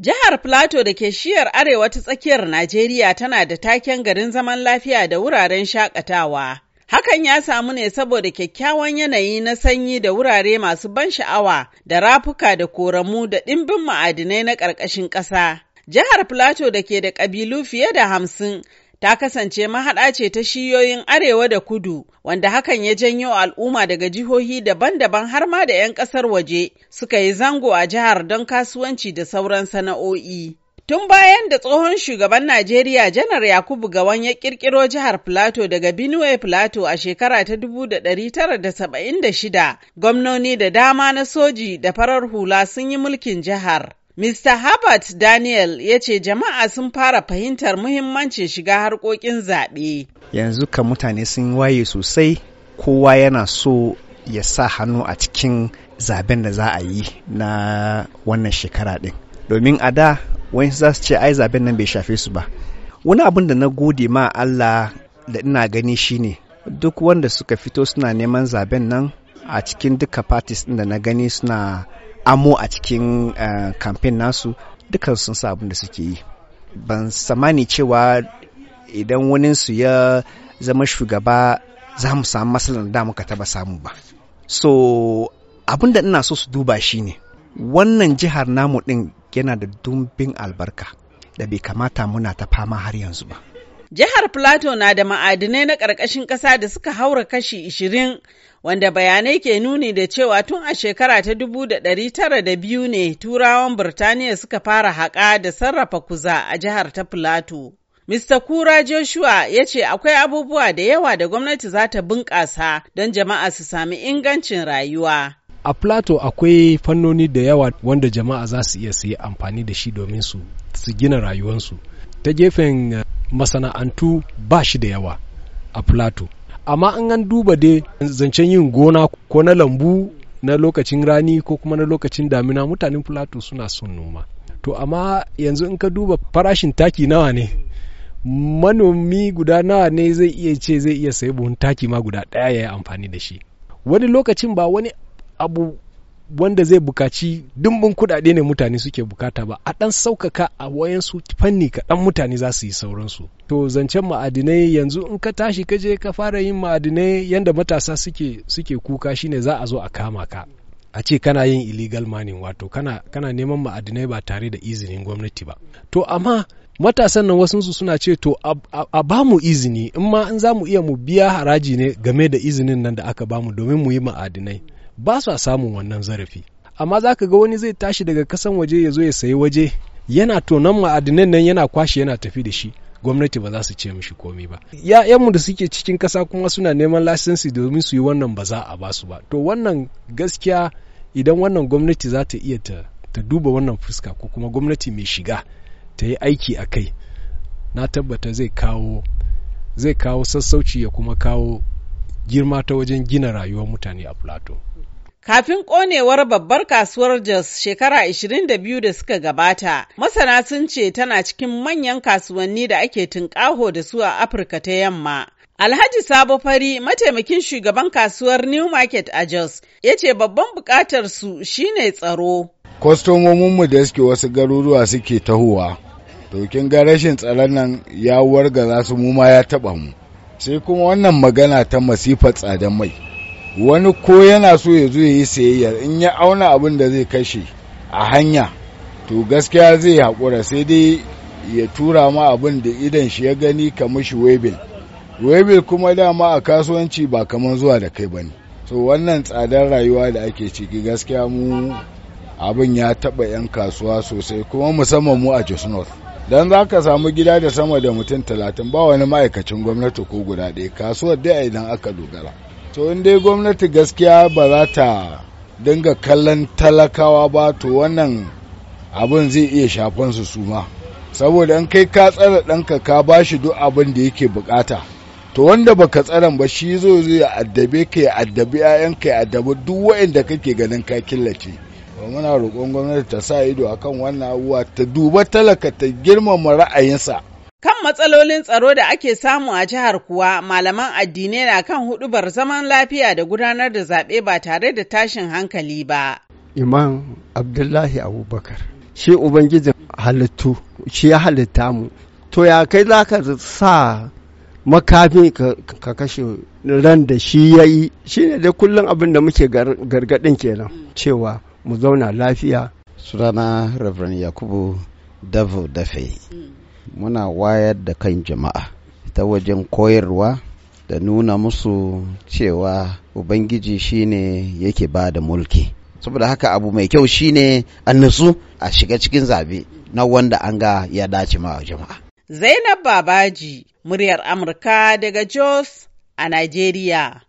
Jihar Plateau da ke shiyar arewa ta tsakiyar Najeriya tana da taken garin zaman lafiya da wuraren shakatawa. Hakan ya samu ne saboda kyakkyawan yanayi na sanyi da wurare masu ban sha'awa da rafuka da koramu da ɗimbin ma'adinai na ƙarƙashin ƙasa. Jihar Plateau da ke da ƙabilu fiye da hamsin ta kasance mahaɗa ce ta shiyoyin arewa da kudu wanda hakan ya janyo al'umma daga jihohi daban-daban har ma da 'yan ƙasar waje suka yi zango a jihar don kasuwanci da sauran sana'o'i. Tun bayan da tsohon shugaban Najeriya Janar Yakubu Gawan ya kirkiro jihar Filato daga Benue Filato a shekara ta 1976, gwamnoni da dama na soji da farar hula sun yi mulkin jihar. Mr. Herbert Daniel ya ce jama'a sun fara fahimtar muhimmancin shiga harkokin zaɓe. Yanzu ka mutane sun waye sosai kowa yana so ya sa hannu a cikin zaben da za a yi na wannan shekara ɗin. Domin a da wani za su ce ai zaben nan bai shafe su ba. Wani abin da na gode ma Allah da ina gani shine duk wanda suka fito suna neman zaben nan a cikin duka parties ɗin da na gani suna amo a cikin kamfen eh, nasu dukan sun sa abin da suke yi ban samani cewa idan wani su ya zama shugaba za mu samu matsalar da muka taba samu ba so abin da ina so su duba shi ne wannan jihar namu din yana da dumbin albarka da bai kamata muna ta fama har yanzu ba Jihar Plateau na da ma'adinai na ƙarƙashin ƙasa da suka haura kashi ishirin, wanda bayanai ke nuni da cewa tun a shekara ta dubu da ɗari tara da biyu ne turawan Birtaniya suka fara haƙa da sarrafa kuza a jihar ta Plateau. Mr. Kura Joshua ya ce akwai abubuwa da yawa da gwamnati za ta bunƙasa don jama'a su sami ingancin rayuwa. A Plateau akwai fannoni da yawa wanda jama'a za su iya su amfani da shi domin su gina rayuwarsu. Ta gefen masana'antu ba shi da yawa a plato amma an an duba dai zancen yin gona ko na lambu na lokacin rani ko kuma na lokacin damina mutanen plato suna son noma to amma yanzu in ka duba farashin taki nawa ne manomi guda nawa ne zai iya ce zai iya sayi buhun taki ma guda ɗaya ya yi amfani da shi wani lokacin ba wani abu wanda zai bukaci dimbin kuɗaɗe ne mutane suke bukata ba a ɗan saukaka a wayansu fanni kaɗan mutane za su yi sauransu to zancen ma'adinai yanzu in ka tashi ka je ka fara yin ma'adinai yanda matasa suke suke kuka shine za a zo a kama ka a ce kana yin illegal mining wato kana kana neman ma'adinai ba tare da izinin gwamnati ba to amma matasan nan wasu suna ce to a ba mu izini in ma in za mu iya mu biya haraji ne game da izinin nan da aka bamu domin mu yi ma'adinai ba sa samun wannan zarafi amma za ka ga wani zai tashi daga kasan waje ya zo ya sayi waje yana tonon ma'adinan nan yana kwashe yana tafi da shi gwamnati ba za su ce mishi komai ba ya'yanmu da suke cikin kasa kuma suna neman lasinsi domin su yi wannan ba za a ba su ba to wannan gaskiya idan wannan gwamnati za ta iya ta duba wannan fuska ko kuma gwamnati mai shiga ta yi aiki a kai na tabbata zai kawo zai kawo sassauci ya kuma kawo girma ta wajen gina rayuwar mutane a plateau Kafin konewar babbar kasuwar Jos shekara 22 da suka gabata, masana sun ce tana cikin manyan kasuwanni da ake tunƙaho da su a Afirka ta yamma. Alhaji Sabo Fari, mataimakin shugaban kasuwar New Market a Jos, ya ce babban bukatar su shine tsaro. Kwastomominmu da suke wasu garuruwa suke tahowa, to kin ga rashin tsaron nan ya za su mu ma ya taba mu. sai kuma wannan magana ta masifar tsadan mai wani ko yana so ya zo ya yi sayayyar in ya auna abin da zai kashe a hanya to gaskiya zai haƙura sai dai ya tura ma abin da idan shi ya gani ka mishi webil webil kuma dama a kasuwanci ba kamar zuwa da kai bane so wannan tsadar rayuwa da ake ciki gaskiya mu abin ya taɓa 'yan kasuwa sosai kuma musamman mu a jos north don za ka samu gida da sama da mutum talatin ba wani ma'aikacin gwamnati ko guda ɗaya kasuwar dai a idan aka dogara to in dai gwamnati gaskiya ba za ta dinga kallon talakawa ba to wannan abin zai iya shafan su suma saboda in kai ka tsara ɗanka ka ba shi duk abin da yake bukata to wanda baka tsara ba shi zo zai addabe ka ya addabi 'ya'yanka ya addabi duk waɗanda kake ganin ka killace muna roƙon gwamnati ta sa ido akan wannan abubuwa ta duba talaka ta girmama ra'ayinsa Kan matsalolin tsaro da ake samu a jihar kuwa malaman addinai na kan hudubar zaman lafiya da gudanar da zaɓe ba tare da tashin hankali ba. Imam Abdullahi Abubakar, shi Ubangijin halittu, shi ya halitta mu, to ya kai za ka sa makafi ka kashe ran da shi ya yi, shi ne da kullum abin da muke gargaɗin kenan cewa mu zauna lafiya sunana reverend yakubu davo dafe muna wayar da kan jama'a ta wajen koyarwa da nuna musu cewa ubangiji shine yake ba da mulki saboda haka abu mai kyau shine an nutsu a shiga cikin zabe na wanda an ga ya dace ma jama'a zainab babaji muryar amurka daga jos a nigeria